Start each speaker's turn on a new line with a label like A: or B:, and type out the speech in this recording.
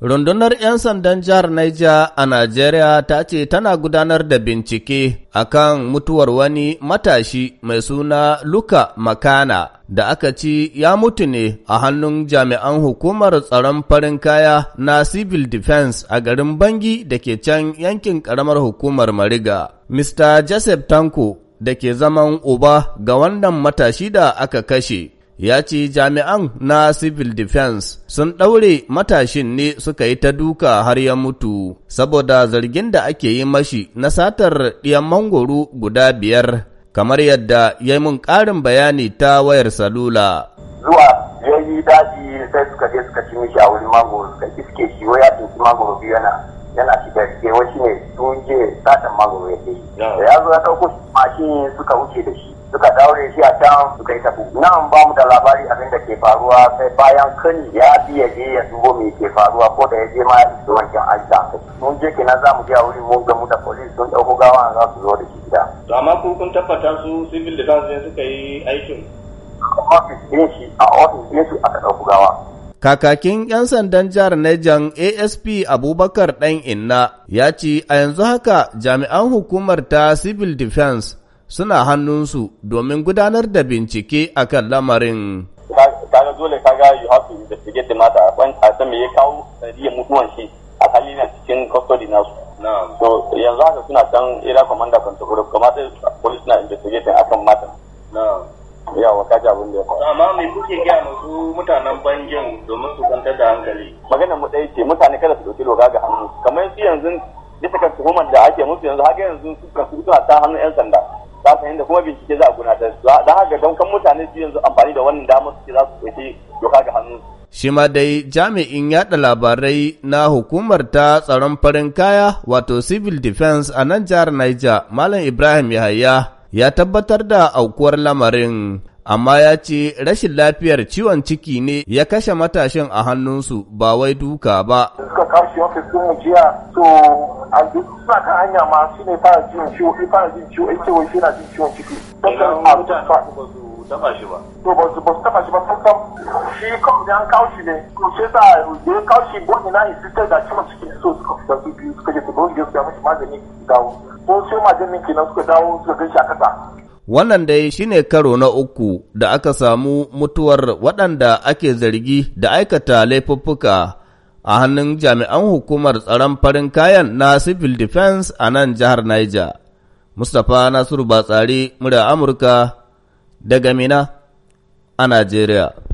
A: Rundunar 'yan sandan jihar Niger a Najeriya ta ce tana gudanar da bincike a kan mutuwar wani matashi mai suna Luka Makana da aka ci ya mutu ne a hannun jami'an hukumar tsaron farin kaya na Civil Defense a garin Bangi da ke can yankin karamar hukumar Mariga. Mr. Joseph Tanko da ke zaman uba ga wannan matashi da aka kashe. ya ce jami'an na civil defense sun ɗaure matashin ne suka yi ta duka har ya mutu saboda zargin da ake yi mashi na satar ɗiyan mangoro guda biyar kamar yadda ya yi mun ƙarin bayani ta wayar salula.
B: Zuwa ya yi daji sai suka je suka ci mishi a wurin mangoro suka iske shi wai ya tunci mangoro biyu yana yana shiga rike ke shi ne sun je satan mangoro ya ke. shi. ya zo ya ɗauko mashin suka wuce da shi suka daure shi a can suka yi tafi nan ba mu da labari abin da ke faruwa sai bayan kani ya biya je ya dubo me ke faruwa ko da ya je ma da wancan ajiya. mun je kenan za mu je a wuri mun gamu da police sun ɗauko gawa za su zo da shi gida. to amma ku kun tabbata su civil defense ne suka yi aikin. ofis ɗin shi a ofis ɗin shi aka ɗauko gawa.
A: Kakakin 'yan sandan jihar Nejan ASP Abubakar ɗan Inna ya ce a yanzu haka jami'an hukumar ta Civil Defense suna hannunsu domin gudanar da bincike a kan lamarin.
B: Kaga dole kaga you have to investigate the matter a san me ya kawo sanadiyar mutuwan shi a kalli na cikin custody nasu. So yanzu haka suna can area commander control kamata police na investigating akan mata. yawa ka ji abin da ya faru. Amma me kuke gaya musu mutanen banjin domin su kwantar da hankali? Magana mu ɗaya ce mutane kada su ɗauki doka ga hannu. Kamar su yanzu bisa kan tuhumar da ake musu yanzu haka yanzu su kan su ta hannun 'yan sanda. ta fahimta kuma bincike za a gudanar da haka don kan mutane su yanzu amfani da wannan damar suke za su ɗauki doka ga hannu.
A: Shi ma dai jami'in yaɗa labarai na hukumar ta tsaron farin kaya wato civil defense a nan jihar Niger Malam Ibrahim Yahaya ya tabbatar da aukuwar lamarin amma ya ce rashin lafiyar ciwon ciki ne ya kashe matashin a hannunsu ba wai duka ba.
B: Suka kamshi ofis ɗin mu jiya to a duk suna kan hanya ma su ne fara jin ciwo in fara jin ciwo in ce wai shi na jin ciwon ciki. Sannan a ba su taɓa shi ba. To ba su taɓa shi ba sun san shi kawai da an kawo shi ne to sai sa da yi kawo shi boni na insistar da ciwon ciki ne, so suka fita su biyu suka je su bauge su da mashi magani su dawo. Ko sai majanin kenan suka dawo suka gan
A: shi a kasa. Wannan dai shi ne karo na uku da aka samu mutuwar waɗanda ake zargi da aikata laifuffuka a hannun jami'an hukumar tsaron farin kayan na Civil Defense a nan jihar Niger. Mustapha Nasiru Batsari, murya Amurka, daga Mina a Najeriya.